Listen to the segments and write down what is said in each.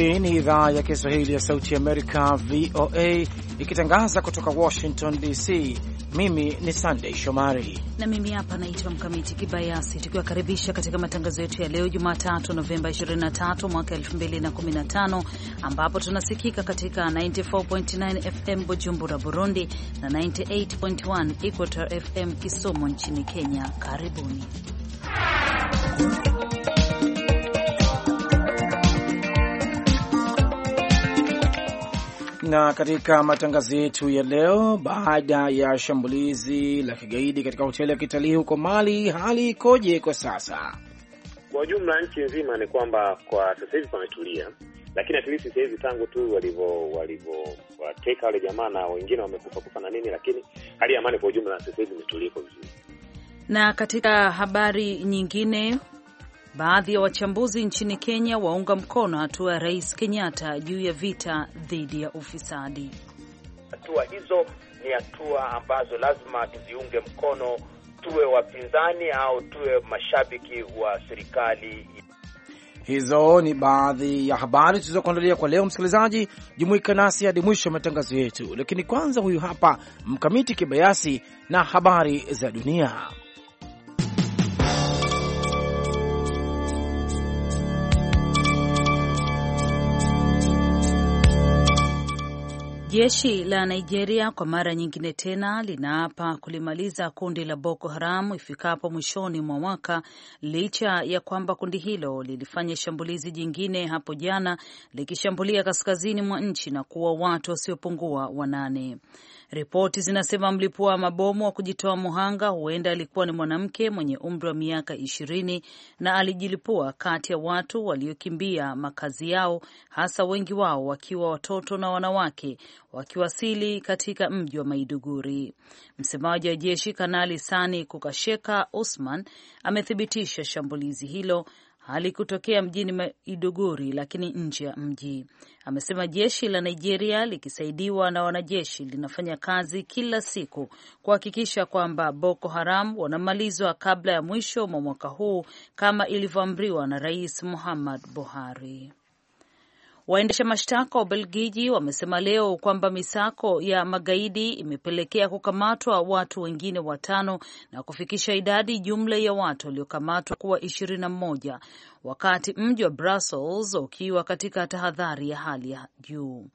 Hii ni idhaa ya Kiswahili ya Sauti Amerika, VOA, ikitangaza kutoka Washington DC. Mimi ni Sandey Shomari na mimi hapa naitwa Mkamiti Kibayasi, tukiwakaribisha katika matangazo yetu ya leo Jumatatu Novemba 23 mwaka 2015, ambapo tunasikika katika 94.9 FM Bujumbura, Burundi na 98.1 Equator FM Kisumu nchini Kenya. Karibuni na katika matangazo yetu ya leo, baada ya shambulizi la kigaidi katika hoteli ya kitalii huko Mali, hali ikoje kwa sasa? Kwa ujumla nchi nzima ni kwamba kwa sasa hivi pametulia, lakini at least sasa hivi tangu tu walivyo walivyowateka wale jamaa na wengine wamekufa kufa na nini, lakini hali ya amani kwa ujumla sasa hivi imetulia iko vizuri. Na katika habari nyingine Baadhi ya wachambuzi nchini Kenya waunga mkono hatua ya Rais Kenyatta juu ya vita dhidi ya ufisadi. Hatua hizo ni hatua ambazo lazima tuziunge mkono, tuwe wapinzani au tuwe mashabiki wa serikali. Hizo ni baadhi ya habari tulizokuandalia kwa leo. Msikilizaji, jumuika nasi hadi mwisho wa matangazo yetu, lakini kwanza, huyu hapa Mkamiti Kibayasi na habari za dunia. Jeshi la Nigeria kwa mara nyingine tena linaapa kulimaliza kundi la Boko Haram ifikapo mwishoni mwa mwaka licha ya kwamba kundi hilo lilifanya shambulizi jingine hapo jana likishambulia kaskazini mwa nchi na kuua watu wasiopungua wanane. Ripoti zinasema mlipua wa mabomu wa kujitoa muhanga huenda alikuwa ni mwanamke mwenye umri wa miaka ishirini na alijilipua kati ya watu waliokimbia makazi yao, hasa wengi wao wakiwa watoto na wanawake, wakiwasili katika mji wa Maiduguri. Msemaji wa jeshi Kanali Sani Kukasheka Usman amethibitisha shambulizi hilo alikutokea mjini Maiduguri, lakini nje ya mji. Amesema jeshi la Nigeria likisaidiwa na wanajeshi linafanya kazi kila siku kuhakikisha kwamba Boko Haram wanamalizwa kabla ya mwisho mwa mwaka huu kama ilivyoamriwa na Rais Muhammad Buhari. Waendesha mashtaka wa Ubelgiji wamesema leo kwamba misako ya magaidi imepelekea kukamatwa watu wengine watano na kufikisha idadi jumla ya watu waliokamatwa kuwa ishirini na mmoja wakati mji wa Brussels ukiwa katika tahadhari ya hali ya juu.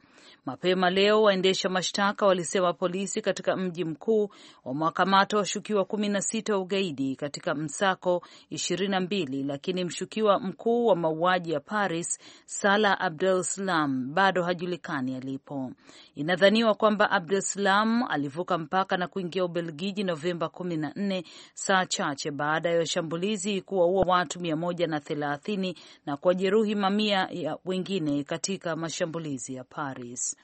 Mapema leo waendesha mashtaka walisema polisi katika mji mkuu wamewakamata washukiwa kumi na sita wa ugaidi katika msako ishirini na mbili, lakini mshukiwa mkuu wa mauaji ya Paris Salah Abdul Salam bado hajulikani alipo. Inadhaniwa kwamba Abdul Salam alivuka mpaka na kuingia Ubelgiji Novemba kumi na nne, saa chache baada ya washambulizi kuwaua watu mia moja na thelathini na kuwajeruhi mamia ya wengine katika mashambulizi ya Paris.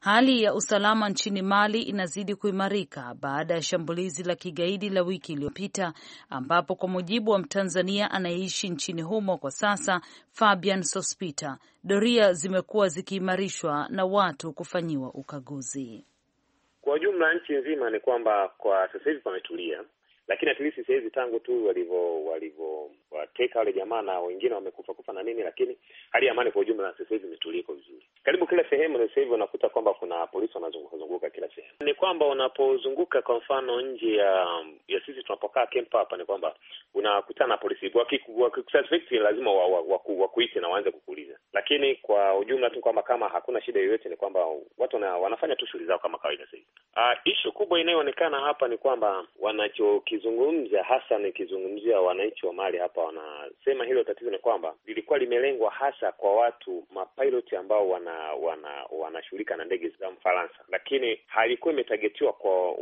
Hali ya usalama nchini Mali inazidi kuimarika baada ya shambulizi la kigaidi la wiki iliyopita, ambapo kwa mujibu wa Mtanzania anayeishi nchini humo kwa sasa, Fabian Sospita, doria zimekuwa zikiimarishwa na watu kufanyiwa ukaguzi. Kwa ujumla nchi nzima ni kwamba kwa sasa hivi pametulia, lakini at least sasa hivi tangu tu walivyo walivyo wateka wale jamaa na wengine wamekufa kufa na nini, lakini hali ya amani kwa ujumla na sasa hivi imetulika vizuri. Karibu kila sehemu sasa hivi unakuta kwamba kuna polisi wanazunguka kila sehemu. Ni kwamba unapozunguka kwa mfano nje ya ya sisi tunapokaa camp hapa, ni kwamba unakutana na polisi wakikususpect, lazima wakuite wa, wa, na waanze kukuuliza, lakini kwa ujumla tu kwamba kama hakuna shida yoyote, ni kwamba watu na, wanafanya tu shughuli zao kama kawaida. Sasa uh, ah, ishu kubwa inayoonekana hapa ni kwamba wanachokizungumza hasa ni kizungumzia wananchi wa mali hapa hapa wanasema hilo tatizo ni kwamba lilikuwa limelengwa hasa kwa watu mapilot ambao wana wanashughulika wana na ndege za Mfaransa, lakini halikuwa imetagetiwa kwa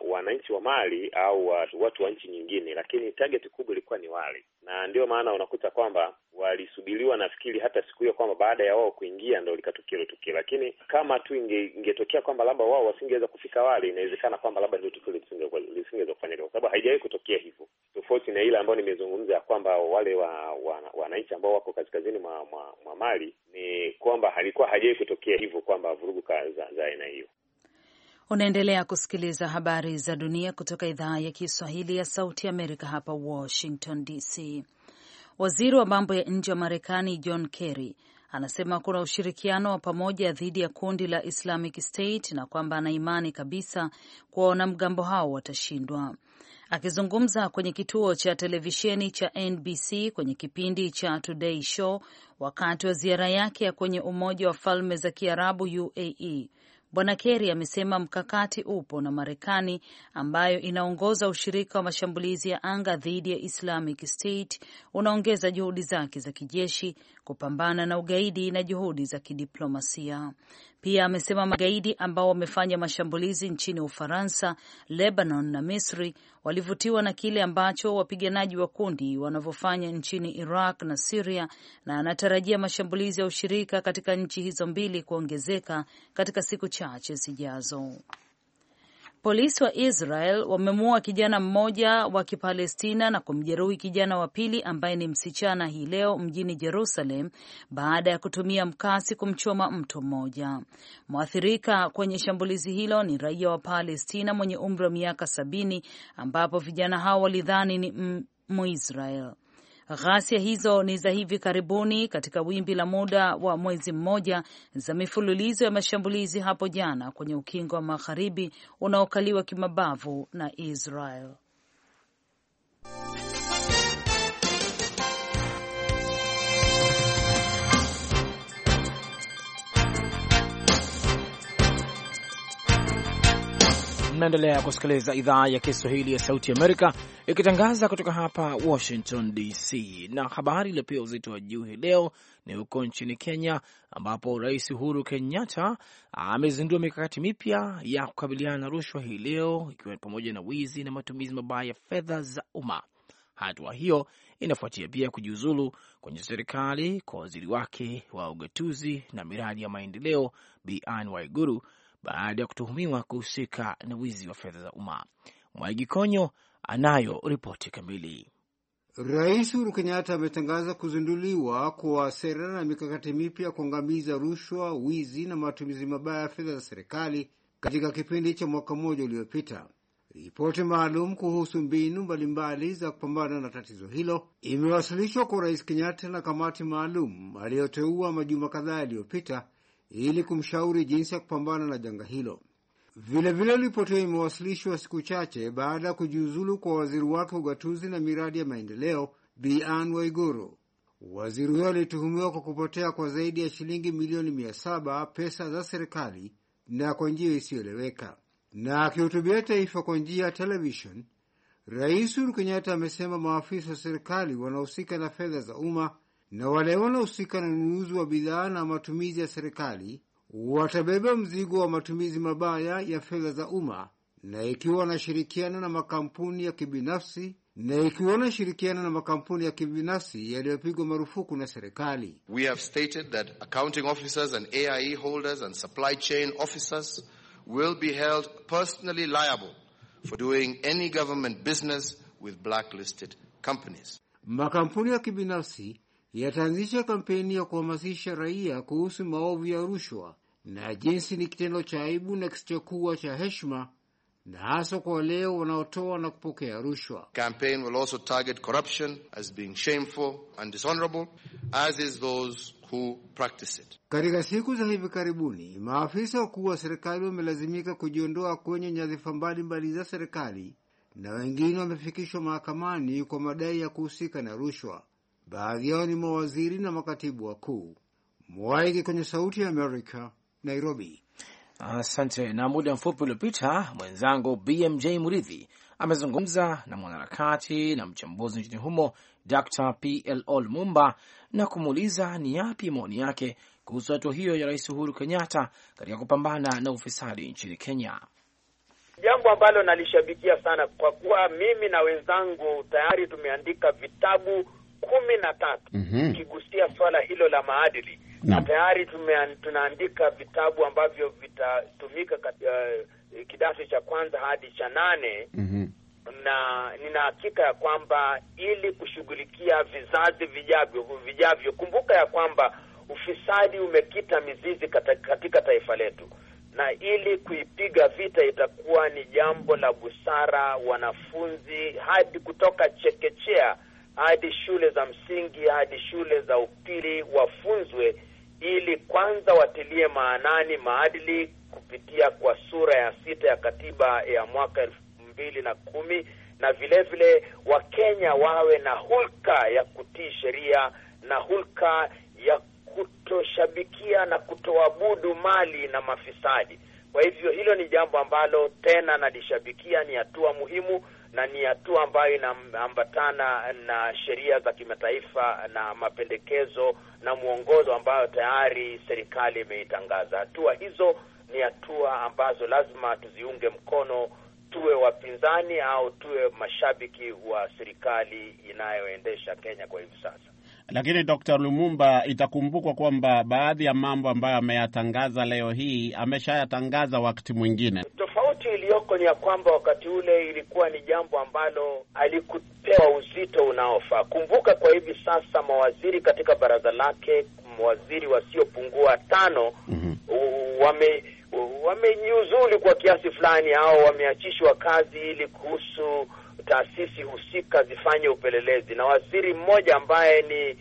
wananchi wa, wa Mali au watu wa nchi nyingine, lakini target kubwa ilikuwa ni wale na ndio maana unakuta kwamba walisubiriwa, nafikiri hata siku hiyo kwamba baada ya wao kuingia ndo likatokea hilo tukio, lakini kama tu inge, ingetokea kwamba labda wao wasingeweza kufika wale, inawezekana kwamba labda ndio tukio lisingeweza kufanyika, kwa sababu haijawahi kutokea hivyo, tofauti na ile ambayo nimezungumza ya kwamba wale wa wananchi wa ambao wako kaskazini mwa, mwa, mwa Mali ni kwamba halikuwa haijawai kutokea hivyo kwamba vurugu za aina hiyo. Unaendelea kusikiliza habari za dunia kutoka idhaa ya Kiswahili ya Sauti Amerika hapa Washington DC. Waziri wa mambo ya nje wa Marekani John Kerry anasema kuna ushirikiano wa pamoja dhidi ya kundi la Islamic State na kwamba ana imani kabisa kuwa wanamgambo hao watashindwa. Akizungumza kwenye kituo cha televisheni cha NBC kwenye kipindi cha Today Show wakati wa ziara yake ya kwenye Umoja wa Falme za Kiarabu UAE, Bwana Kerry amesema mkakati upo na Marekani ambayo inaongoza ushirika wa mashambulizi ya anga dhidi ya Islamic State unaongeza juhudi zake za kijeshi kupambana na ugaidi na juhudi za kidiplomasia. Pia amesema magaidi ambao wamefanya mashambulizi nchini Ufaransa, Lebanon na Misri walivutiwa na kile ambacho wapiganaji wa kundi wanavyofanya nchini Iraq na Siria, na anatarajia mashambulizi ya ushirika katika nchi hizo mbili kuongezeka katika siku chache zijazo. Polisi wa Israel wamemuua kijana mmoja wa Kipalestina na kumjeruhi kijana wa pili ambaye ni msichana hii leo mjini Jerusalem baada ya kutumia mkasi kumchoma mtu mmoja. Mwathirika kwenye shambulizi hilo ni raia wa Palestina mwenye umri wa miaka sabini ambapo vijana hao walidhani ni Muisrael. Ghasia hizo ni za hivi karibuni katika wimbi la muda wa mwezi mmoja za mifululizo ya mashambulizi hapo jana kwenye ukingo wa magharibi unaokaliwa kimabavu na Israel. Mnaendelea kusikiliza idhaa ya Kiswahili ya Sauti Amerika ikitangaza kutoka hapa Washington DC, na habari iliyopewa uzito wa juu hii leo ni huko nchini Kenya, ambapo Rais Uhuru Kenyatta amezindua mikakati mipya ya kukabiliana na rushwa hii leo, ikiwa ni pamoja na wizi na matumizi mabaya ya fedha za umma. Hatua hiyo inafuatia pia kujiuzulu kwenye serikali kwa waziri wake wa ugatuzi na miradi ya maendeleo Bi Anne Waiguru baada ya kutuhumiwa kuhusika na wizi wa fedha za umma. Mwaigi Konyo anayo ripoti kamili. Rais Uhuru Kenyatta ametangaza kuzinduliwa kwa sera na mikakati mipya ya kuangamiza rushwa, wizi na matumizi mabaya ya fedha za serikali katika kipindi cha mwaka mmoja uliopita. Ripoti maalum kuhusu mbinu mbalimbali za kupambana na tatizo hilo imewasilishwa kwa Rais Kenyatta na kamati maalum aliyoteua majuma kadhaa yaliyopita ili kumshauri jinsi ya kupambana na janga hilo. Vilevile, ripoti hiyo imewasilishwa siku chache baada ya kujiuzulu kwa waziri wake wa ugatuzi na miradi ya maendeleo Bi Anne Waiguru. Waziri huyo alituhumiwa kwa kupotea kwa zaidi ya shilingi milioni mia saba pesa za serikali na kwa njia isiyoeleweka. Na akihutubia taifa kwa njia ya televishon Rais Uhuru Kenyatta amesema maafisa wa serikali wanahusika na fedha za umma na wale wanaohusika na ununuzi wa bidhaa na matumizi ya serikali watabeba mzigo wa matumizi mabaya ya fedha za umma, na ikiwa wanashirikiana na makampuni ya kibinafsi na ikiwa wanashirikiana na makampuni ya kibinafsi yaliyopigwa marufuku na serikali. We have stated that accounting officers and AIE holders and supply chain officers will be held personally liable for doing any government business with blacklisted companies. Makampuni ya kibinafsi yataanzisha kampeni ya kuhamasisha raia kuhusu maovu ya rushwa na jinsi ni kitendo cha aibu na kisichokuwa cha heshima na haswa kwa waleo wanaotoa na kupokea rushwa. Campaign will also target corruption as being shameful and dishonorable as is those who practice it. Katika siku za hivi karibuni, maafisa wakuu wa serikali wamelazimika kujiondoa kwenye nyadhifa mbalimbali za serikali na wengine wamefikishwa mahakamani kwa madai ya kuhusika na rushwa. Baadhi yao ni mawaziri na makatibu wakuu. Mwaiki kwenye Sauti ya Amerika, Nairobi. Asante. Na muda mfupi uliopita mwenzangu BMJ Muridhi amezungumza na mwanaharakati na mchambuzi nchini humo Dr PLO Lumumba na kumuuliza ni yapi maoni yake kuhusu hatua hiyo ya Rais Uhuru Kenyatta katika kupambana na ufisadi nchini Kenya, jambo ambalo nalishabikia sana, kwa kuwa mimi na wenzangu tayari tumeandika vitabu kumi na tatu ikigusia mhm. mm -hmm. swala hilo la maadili no. na tayari tunaandika vitabu ambavyo vitatumika katika uh, kidato cha kwanza hadi cha nane mm -hmm. na nina hakika ya kwamba ili kushughulikia vizazi vijavyo vijavyo, kumbuka ya kwamba ufisadi umekita mizizi katika taifa letu na ili kuipiga vita itakuwa ni jambo la busara wanafunzi hadi kutoka chekechea hadi shule za msingi hadi shule za upili wafunzwe, ili kwanza watilie maanani maadili kupitia kwa sura ya sita ya katiba ya mwaka elfu mbili na kumi na vilevile Wakenya wawe na hulka ya kutii sheria na hulka ya kutoshabikia na kutoabudu mali na mafisadi. Kwa hivyo hilo ni jambo ambalo tena nalishabikia, ni hatua muhimu na ni hatua ambayo inaambatana na sheria za kimataifa na mapendekezo na mwongozo ambayo tayari serikali imeitangaza. Hatua hizo ni hatua ambazo lazima tuziunge mkono, tuwe wapinzani au tuwe mashabiki wa serikali inayoendesha Kenya kwa hivi sasa. Lakini Dr. Lumumba, itakumbukwa kwamba baadhi ya mambo ambayo ameyatangaza leo hii ameshayatangaza wakati mwingine iliyoko ni ya kwamba wakati ule ilikuwa ni jambo ambalo alikupewa uzito unaofaa. Kumbuka kwa hivi sasa mawaziri katika baraza lake, mawaziri wasiopungua tano mm -hmm. wame kwa kiasi fulani au wameachishwa kazi ili kuhusu taasisi husika zifanye upelelezi, na waziri mmoja ambaye ni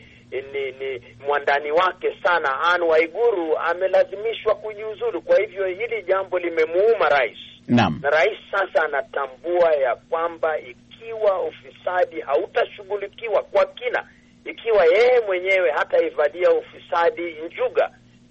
ni, ni mwandani wake sana Anne Waiguru amelazimishwa kujiuzulu. Kwa hivyo hili jambo limemuuma rais. Naam. Na rais sasa anatambua ya kwamba ikiwa ufisadi hautashughulikiwa kwa kina, ikiwa yeye mwenyewe hataivalia ufisadi njuga,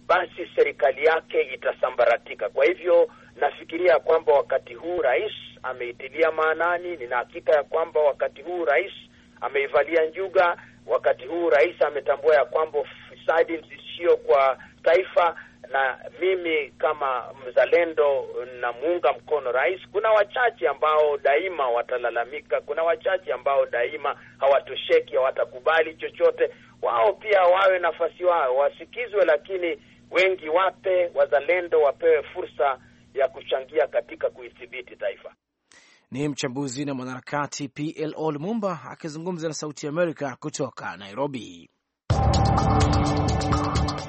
basi serikali yake itasambaratika. Kwa hivyo nafikiria kwamba wakati huu rais ameitilia maanani, nina hakika ya kwamba wakati huu rais ameivalia njuga, wakati huu rais ametambua ya kwamba ufisadi ndio kwa taifa na mimi kama mzalendo namuunga mkono rais. Kuna wachache ambao daima watalalamika, kuna wachache ambao daima hawatosheki, hawatakubali chochote. Wao pia wawe nafasi wao, wasikizwe, lakini wengi wape, wazalendo wapewe fursa ya kuchangia katika kuithibiti taifa. Ni mchambuzi na mwanaharakati PLO Lumumba akizungumza na Sauti ya Amerika kutoka Nairobi.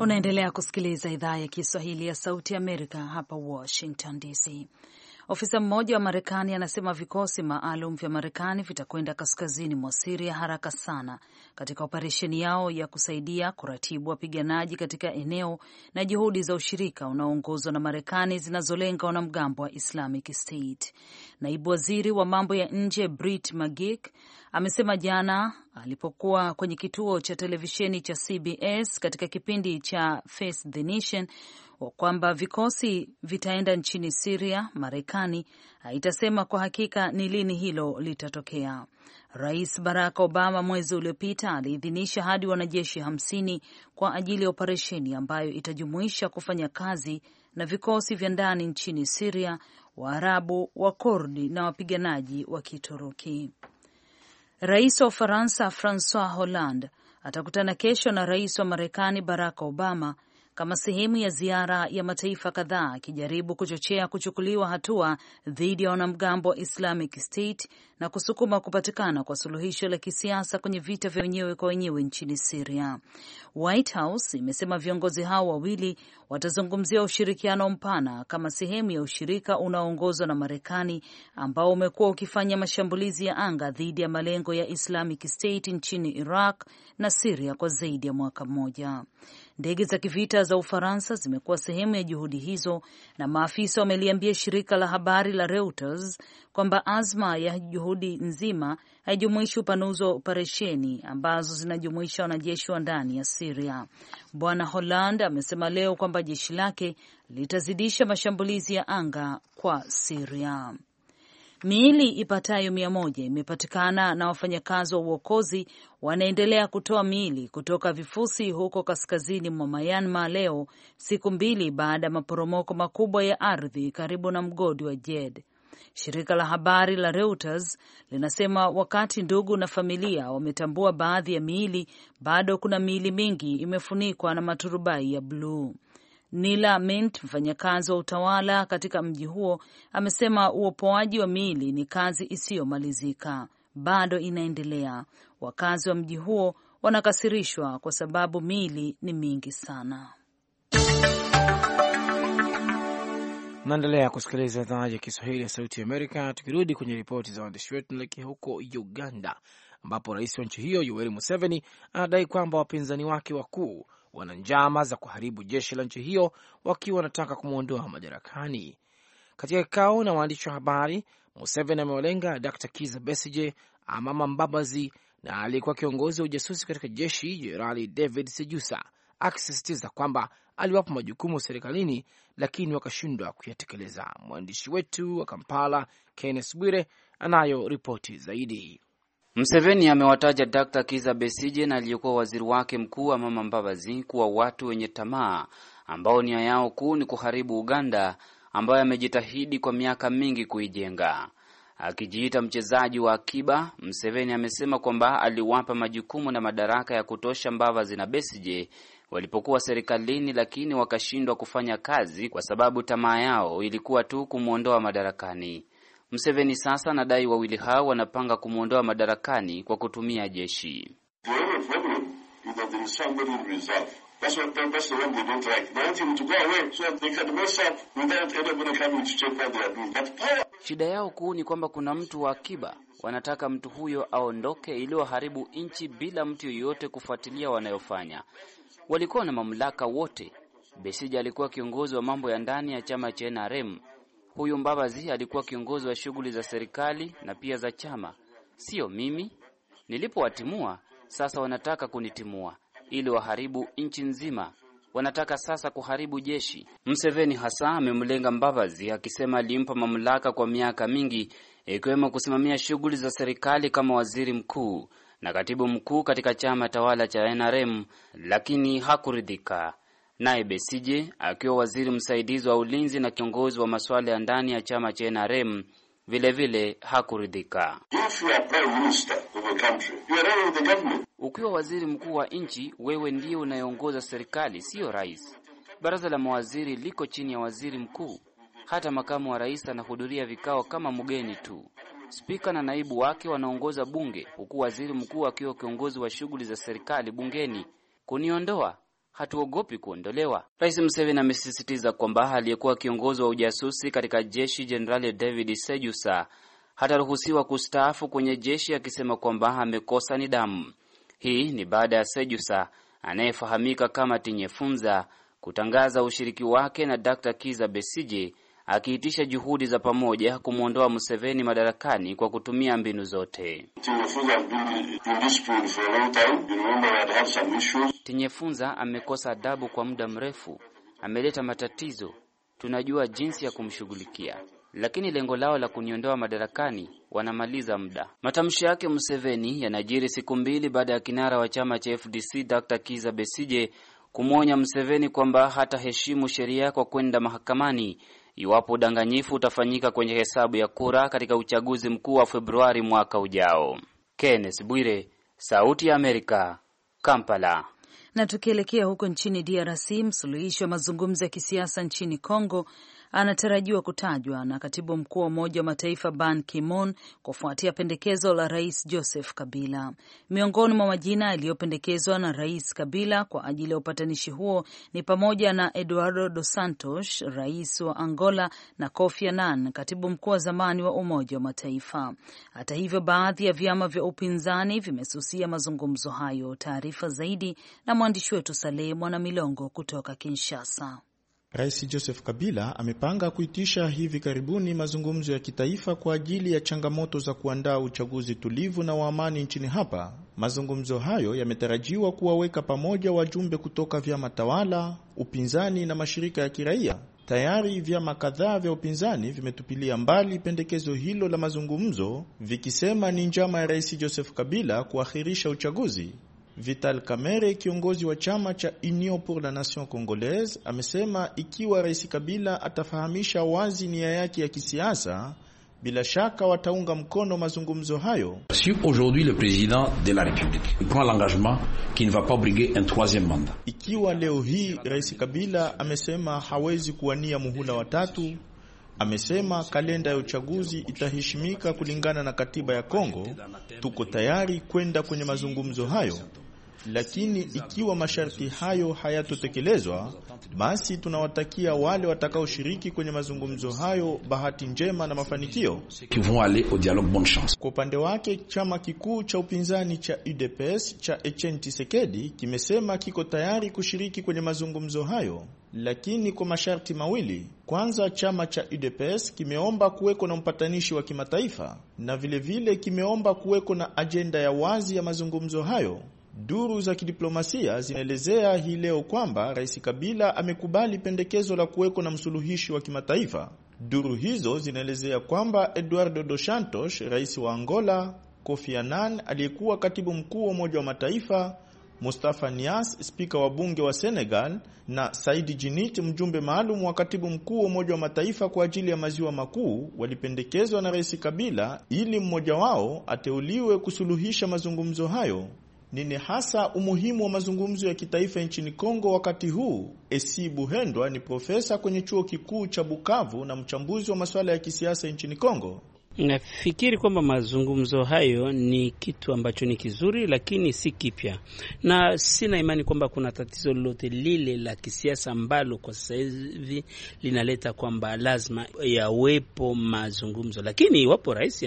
Unaendelea kusikiliza idhaa ya Kiswahili ya Sauti ya Amerika hapa Washington DC. Ofisa mmoja wa Marekani anasema vikosi maalum vya Marekani vitakwenda kaskazini mwa Siria haraka sana katika operesheni yao ya kusaidia kuratibu wapiganaji katika eneo na juhudi za ushirika unaoongozwa na Marekani zinazolenga wanamgambo wa Islamic State. Naibu waziri wa mambo ya nje Brit Magik amesema jana alipokuwa kwenye kituo cha televisheni cha CBS katika kipindi cha Face the Nation wa kwamba vikosi vitaenda nchini Siria, Marekani haitasema kwa hakika ni lini hilo litatokea. Rais Barack Obama mwezi uliopita aliidhinisha hadi wanajeshi hamsini kwa ajili ya operesheni ambayo itajumuisha kufanya kazi na vikosi vya ndani nchini Siria, Waarabu, Wakordi na wapiganaji wa Kituruki. Rais wa Ufaransa Francois Hollande atakutana kesho na rais wa Marekani Barack Obama kama sehemu ya ziara ya mataifa kadhaa akijaribu kuchochea kuchukuliwa hatua dhidi ya wanamgambo wa Islamic State na kusukuma kupatikana kwa suluhisho la kisiasa kwenye vita vya wenyewe kwa wenyewe nchini Siria. White House imesema viongozi hao wawili watazungumzia ushirikiano mpana kama sehemu ya ushirika unaoongozwa na Marekani ambao umekuwa ukifanya mashambulizi ya anga dhidi ya malengo ya Islamic State nchini Iraq na Siria kwa zaidi ya mwaka mmoja. Ndege za kivita za Ufaransa zimekuwa sehemu ya juhudi hizo, na maafisa wameliambia shirika la habari la Reuters kwamba azma ya juhudi juhudi nzima haijumuishi upanuzi wa operesheni ambazo zinajumuisha wanajeshi wa ndani ya Siria. Bwana Holand amesema leo kwamba jeshi lake litazidisha mashambulizi ya anga kwa Siria. Miili ipatayo mia moja imepatikana na wafanyakazi wa uokozi wanaendelea kutoa miili kutoka vifusi huko kaskazini mwa Myanmar leo, siku mbili baada ya maporomoko makubwa ya ardhi karibu na mgodi wa Jade. Shirika la habari la Reuters linasema wakati ndugu na familia wametambua baadhi ya miili, bado kuna miili mingi imefunikwa na maturubai ya bluu. Nila Mint, mfanyakazi wa utawala katika mji huo, amesema uopoaji wa miili ni kazi isiyomalizika, bado inaendelea. Wakazi wa mji huo wanakasirishwa kwa sababu miili ni mingi sana. Naendelea kusikiliza idhaa ya Kiswahili ya Sauti Amerika. Tukirudi kwenye ripoti za waandishi wetu, tunaelekea huko Uganda ambapo rais wa nchi hiyo Yoweri Museveni anadai kwamba wapinzani wake wakuu wana njama za kuharibu jeshi la nchi hiyo wakiwa wanataka kumwondoa madarakani. Katika kikao na waandishi wa habari, Museveni amewalenga Dr Kiza besije Amama Mbabazi na aliyekuwa kiongozi wa ujasusi katika jeshi Jenerali David Sejusa, akisisitiza kwamba aliwapa majukumu serikalini, lakini wakashindwa kuyatekeleza. Mwandishi wetu wa Kampala, Kenneth Bwire, anayo ripoti zaidi. Mseveni amewataja Dr Kiza Besije na aliyekuwa waziri wake mkuu Amama Mbabazi kuwa watu wenye tamaa ambao nia yao kuu ni kuharibu Uganda ambayo amejitahidi kwa miaka mingi kuijenga. Akijiita mchezaji wa akiba, Mseveni amesema kwamba aliwapa majukumu na madaraka ya kutosha Mbabazi na Besije walipokuwa serikalini, lakini wakashindwa kufanya kazi kwa sababu tamaa yao ilikuwa tu kumwondoa madarakani. Mseveni sasa anadai wawili hao wanapanga kumwondoa madarakani kwa kutumia jeshi. Shida yao kuu ni kwamba kuna mtu wa akiba. Wanataka mtu huyo aondoke ili waharibu nchi bila mtu yoyote kufuatilia wanayofanya walikuwa na mamlaka wote. besija alikuwa kiongozi wa mambo ya ndani ya chama cha NRM. Huyu Mbabazi alikuwa kiongozi wa shughuli za serikali na pia za chama, sio mimi. Nilipowatimua sasa, wanataka kunitimua ili waharibu nchi nzima. Wanataka sasa kuharibu jeshi. Mseveni hasa amemlenga Mbabazi akisema alimpa mamlaka kwa miaka mingi, ikiwemo kusimamia shughuli za serikali kama waziri mkuu na katibu mkuu katika chama tawala cha NRM, lakini hakuridhika. Naye Besije akiwa waziri msaidizi wa ulinzi na kiongozi wa masuala ya ndani ya chama cha NRM vilevile hakuridhika. Ukiwa waziri mkuu wa nchi, wewe ndiye unayeongoza serikali, siyo rais. Baraza la mawaziri liko chini ya waziri mkuu. Hata makamu wa rais anahudhuria vikao kama mgeni tu. Spika na naibu wake wanaongoza bunge huku waziri mkuu akiwa kiongozi wa shughuli za serikali bungeni. Kuniondoa, hatuogopi kuondolewa. Rais Museveni amesisitiza kwamba aliyekuwa kiongozi wa ujasusi katika jeshi Jenerali David Sejusa hataruhusiwa kustaafu kwenye jeshi, akisema kwamba amekosa nidhamu. Hii ni baada ya Sejusa anayefahamika kama Tinyefunza kutangaza ushiriki wake na Dr. Kiza Besije akiitisha juhudi za pamoja kumwondoa Museveni madarakani kwa kutumia mbinu zote. Tinyefunza amekosa adabu kwa muda mrefu, ameleta matatizo, tunajua jinsi ya kumshughulikia lakini lengo lao la kuniondoa madarakani wanamaliza muda. Matamshi yake Museveni yanajiri siku mbili baada ya kinara wa chama cha FDC Dr. Kiza Besije kumwonya Museveni kwamba hataheshimu sheria kwa kwenda mahakamani iwapo udanganyifu utafanyika kwenye hesabu ya kura katika uchaguzi mkuu wa Februari mwaka ujao. Kenneth Bwire, Sauti ya Amerika, Kampala. Na tukielekea huko nchini DRC, msuluhishi wa mazungumzo ya kisiasa nchini Kongo anatarajiwa kutajwa na katibu mkuu wa Umoja wa Mataifa Ban Ki-moon kufuatia pendekezo la Rais Joseph Kabila. Miongoni mwa majina yaliyopendekezwa na Rais Kabila kwa ajili ya upatanishi huo ni pamoja na Eduardo Dos Santos, rais wa Angola, na Kofi Annan, katibu mkuu wa zamani wa Umoja wa Mataifa. Hata hivyo, baadhi ya vyama vya upinzani vimesusia mazungumzo hayo. Taarifa zaidi na mwandishi wetu Saleh Mwanamilongo kutoka Kinshasa. Rais Joseph Kabila amepanga kuitisha hivi karibuni mazungumzo ya kitaifa kwa ajili ya changamoto za kuandaa uchaguzi tulivu na wa amani nchini hapa. Mazungumzo hayo yametarajiwa kuwaweka pamoja wajumbe kutoka vyama tawala, upinzani na mashirika ya kiraia. Tayari vyama kadhaa vya upinzani vimetupilia mbali pendekezo hilo la mazungumzo, vikisema ni njama ya Rais Joseph Kabila kuahirisha uchaguzi. Vital Kamerhe, kiongozi wa chama cha Union pour la Nation Congolaise, amesema ikiwa Rais Kabila atafahamisha wazi nia yake ya kisiasa bila shaka wataunga mkono mazungumzo hayo. Si aujourd'hui le président de la République prend l'engagement qu'il ne va pas briguer un troisième mandat. Ikiwa leo hii Rais Kabila amesema hawezi kuwania muhula wa tatu, amesema kalenda ya uchaguzi itaheshimika kulingana na katiba ya Kongo, tuko tayari kwenda kwenye mazungumzo hayo. Lakini ikiwa masharti hayo hayatotekelezwa, basi tunawatakia wale watakaoshiriki kwenye mazungumzo hayo bahati njema na mafanikio. Kwa upande wake, chama kikuu cha upinzani cha UDPS cha Etienne Tshisekedi kimesema kiko tayari kushiriki kwenye mazungumzo hayo lakini kwa masharti mawili. Kwanza, chama cha UDPS kimeomba kuweko na mpatanishi wa kimataifa na vilevile vile kimeomba kuweko na ajenda ya wazi ya mazungumzo hayo. Duru za kidiplomasia zinaelezea hii leo kwamba Rais Kabila amekubali pendekezo la kuweko na msuluhishi wa kimataifa. Duru hizo zinaelezea kwamba Eduardo Dos Santos, rais wa Angola, Kofi Annan aliyekuwa katibu mkuu wa Umoja wa Mataifa, Mustafa Nias, spika wa bunge wa Senegal, na Saidi Jinit, mjumbe maalum wa katibu mkuu wa Umoja wa Mataifa kwa ajili ya maziwa makuu, walipendekezwa na Rais Kabila ili mmoja wao ateuliwe kusuluhisha mazungumzo hayo nini hasa umuhimu wa mazungumzo ya kitaifa nchini Kongo wakati huu? Esi Buhendwa ni profesa kwenye chuo kikuu cha Bukavu na mchambuzi wa masuala ya kisiasa nchini Kongo. Nafikiri kwamba mazungumzo hayo ni kitu ambacho ni kizuri, lakini si kipya, na sina imani kwamba kuna tatizo lolote lile la kisiasa ambalo kwa sasa hivi linaleta kwamba lazima yawepo mazungumzo. Lakini iwapo rais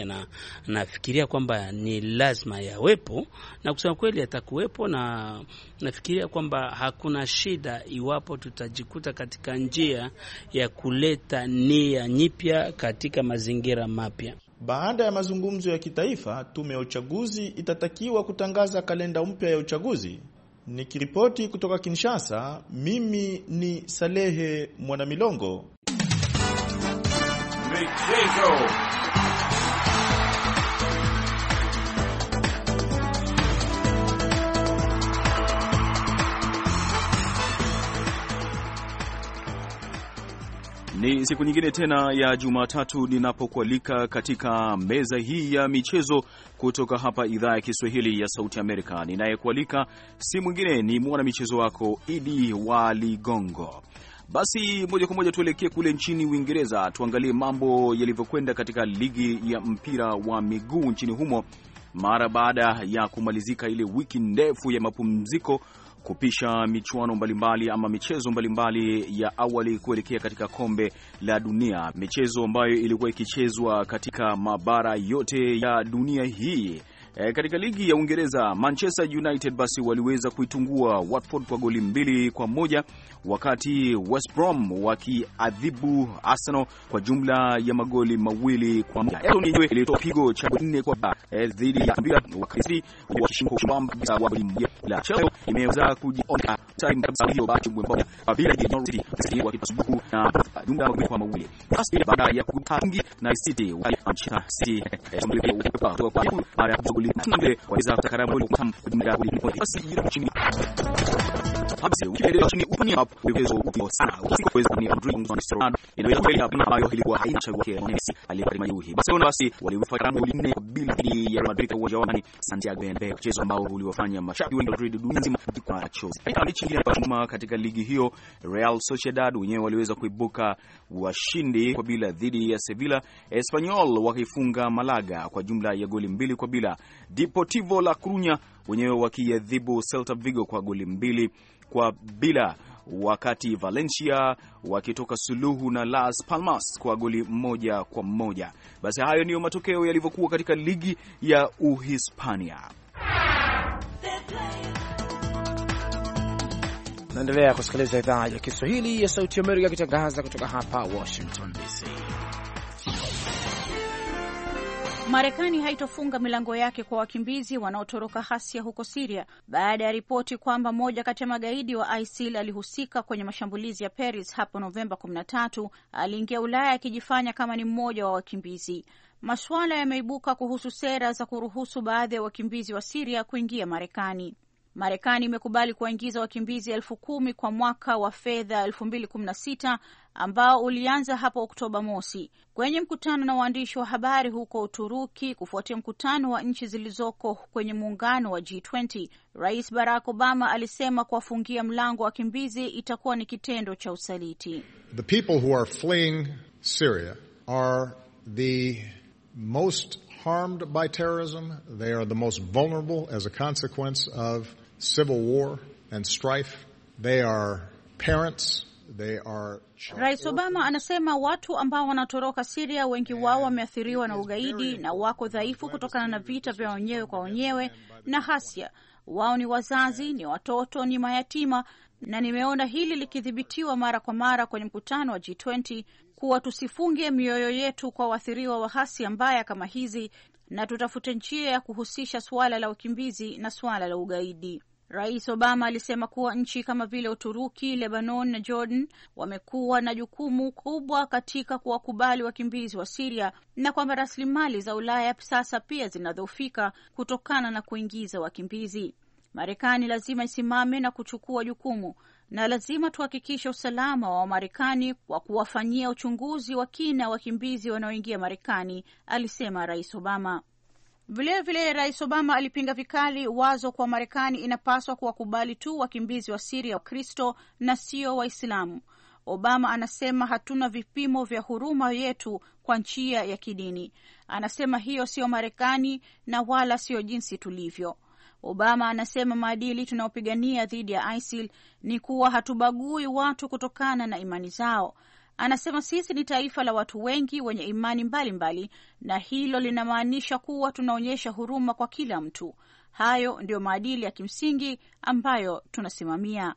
anafikiria kwamba ni lazima yawepo, na kusema kweli yatakuwepo, na nafikiria kwamba hakuna shida iwapo tutajikuta katika njia ya kuleta nia nyipya katika mazingira mapya. Baada ya mazungumzo ya kitaifa, tume ya uchaguzi itatakiwa kutangaza kalenda mpya ya uchaguzi. Nikiripoti kutoka Kinshasa, mimi ni Salehe Mwanamilongo. Michezo. Ni siku nyingine tena ya Jumatatu ninapokualika katika meza hii ya michezo kutoka hapa idhaa ya Kiswahili ya Sauti Amerika. Ninayekualika si mwingine ni mwana michezo wako Idi wa Ligongo. Basi moja kwa moja tuelekee kule nchini Uingereza, tuangalie mambo yalivyokwenda katika ligi ya mpira wa miguu nchini humo mara baada ya kumalizika ile wiki ndefu ya mapumziko kupisha michuano mbalimbali ama michezo mbalimbali ya awali kuelekea katika kombe la dunia, michezo ambayo ilikuwa ikichezwa katika mabara yote ya dunia hii E, katika ligi ya Uingereza Manchester United basi waliweza kuitungua Watford kwa goli mbili kwa moja wakati West Brom wakiadhibu Arsenal kwa jumla ya magoli mawili kwa moja. Everton yenyewe ilitoa pigo cha goli nne kwa eh, dhidi ya mbira wakati wakishinda kwa mbamba bila. Chelsea imeweza kujiona time kabisa aliyobaki mwembamba kwa vile John City City wakipasubuku na Dunga wamekuwa mawili basi baada ya kuguka kingi na City wa Manchester City shambulia kwa kwa kwa baada ya kugoli na vile waweza kutakara mbele kwa kudinga kuli kwa basi yule chini Hamsi ukiendelea chini upani hapo uwezo uko sana usikuweza ni dreams on strand inaweza kweli hapa ambayo ilikuwa haina cha wake Messi aliyeparima yuhi basi ona basi walifuata goli 4 bila ya Madrid kwa Giovanni Santiago Bernabeu mchezo ambao uliwafanya mashabiki wa Madrid dunia nzima kwa chozi kile chuma katika ligi hiyo, Real Sociedad wenyewe waliweza kuibuka washindi kwa bila dhidi ya Sevilla, Espanyol wakifunga Malaga kwa jumla ya goli mbili kwa bila, Deportivo La Coruña wenyewe wakiadhibu Celta Vigo kwa goli mbili kwa bila wakati Valencia wakitoka suluhu na Las Palmas kwa goli moja kwa moja. Basi hayo ndiyo matokeo yalivyokuwa katika ligi ya Uhispania. Naendelea kusikiliza idhaa ya Kiswahili ya Sauti ya Amerika ikitangaza kutoka hapa Washington DC. Marekani haitofunga milango yake kwa wakimbizi wanaotoroka hasia huko Siria baada ya ripoti kwamba mmoja kati ya magaidi wa ISIL alihusika kwenye mashambulizi ya Paris hapo Novemba 13 aliingia Ulaya akijifanya kama ni mmoja wa wakimbizi. Masuala yameibuka kuhusu sera za kuruhusu baadhi ya wakimbizi wa Siria kuingia Marekani. Marekani imekubali kuwaingiza wakimbizi elfu kumi kwa mwaka wa fedha elfu mbili sita ambao ulianza hapo Oktoba mosi. Kwenye mkutano na waandishi wa habari huko Uturuki kufuatia mkutano wa nchi zilizoko kwenye muungano wa G20, Rais Barack Obama alisema kuwafungia mlango wa wakimbizi itakuwa ni kitendo cha usaliti. The people who are fleeing Syria are the most harmed by terrorism. They are the most vulnerable as a consequence of civil war and strife. They are parents. They are Rais Obama anasema watu ambao wanatoroka Siria wengi wao wameathiriwa na ugaidi na wako dhaifu kutokana na vita vya wenyewe kwa wenyewe na hasia. Wao ni wazazi, ni watoto, ni mayatima, na nimeona hili likidhibitiwa mara kwa mara kwenye mkutano wa G20 kuwa tusifunge mioyo yetu kwa waathiriwa wa hasia mbaya kama hizi na tutafute njia ya kuhusisha suala la ukimbizi na suala la ugaidi. Rais Obama alisema kuwa nchi kama vile Uturuki, Lebanon na Jordan wamekuwa na jukumu kubwa katika kuwakubali wakimbizi wa Siria na kwamba rasilimali za Ulaya sasa pia zinadhoofika kutokana na kuingiza wakimbizi. Marekani lazima isimame na kuchukua jukumu na lazima tuhakikishe usalama wa Wamarekani kwa kuwafanyia uchunguzi wa kina wakimbizi wanaoingia Marekani, alisema Rais Obama. Vilevile, Rais Obama alipinga vikali wazo kuwa Marekani inapaswa kuwakubali tu wakimbizi wa Siria Wakristo na sio Waislamu. Obama anasema hatuna vipimo vya huruma yetu kwa njia ya kidini. Anasema hiyo siyo Marekani na wala siyo jinsi tulivyo. Obama anasema maadili tunaopigania dhidi ya ISIL ni kuwa hatubagui watu kutokana na imani zao. Anasema sisi ni taifa la watu wengi wenye imani mbalimbali mbali, na hilo linamaanisha kuwa tunaonyesha huruma kwa kila mtu. Hayo ndiyo maadili ya kimsingi ambayo tunasimamia.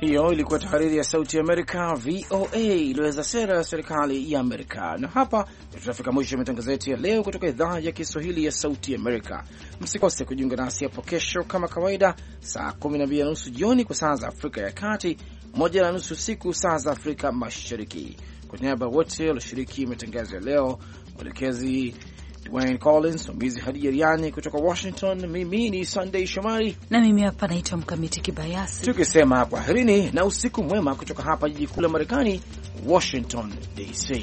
Hiyo ilikuwa tahariri ya Sauti ya Amerika, VOA, iliweza sera ya serikali ya Amerika. Na hapa tunafika mwisho ya matangazo yetu ya leo kutoka idhaa ya Kiswahili ya Sauti Amerika. Msikose kujiunga nasi hapo kesho kama kawaida, saa 12 na nusu jioni kwa saa za Afrika ya Kati, moja na nusu usiku saa za Afrika Mashariki. Kwa niaba ya wote walioshiriki matangazo ya leo, mwelekezi Dwayne Collins, msimamizi Hadija Riani kutoka Washington. Mimi ni Sunday Shomari na mimi hapa naitwa Mkamiti Kibayasi, tukisema kwaherini na usiku mwema kutoka hapa jiji kuu la Marekani, Washington DC.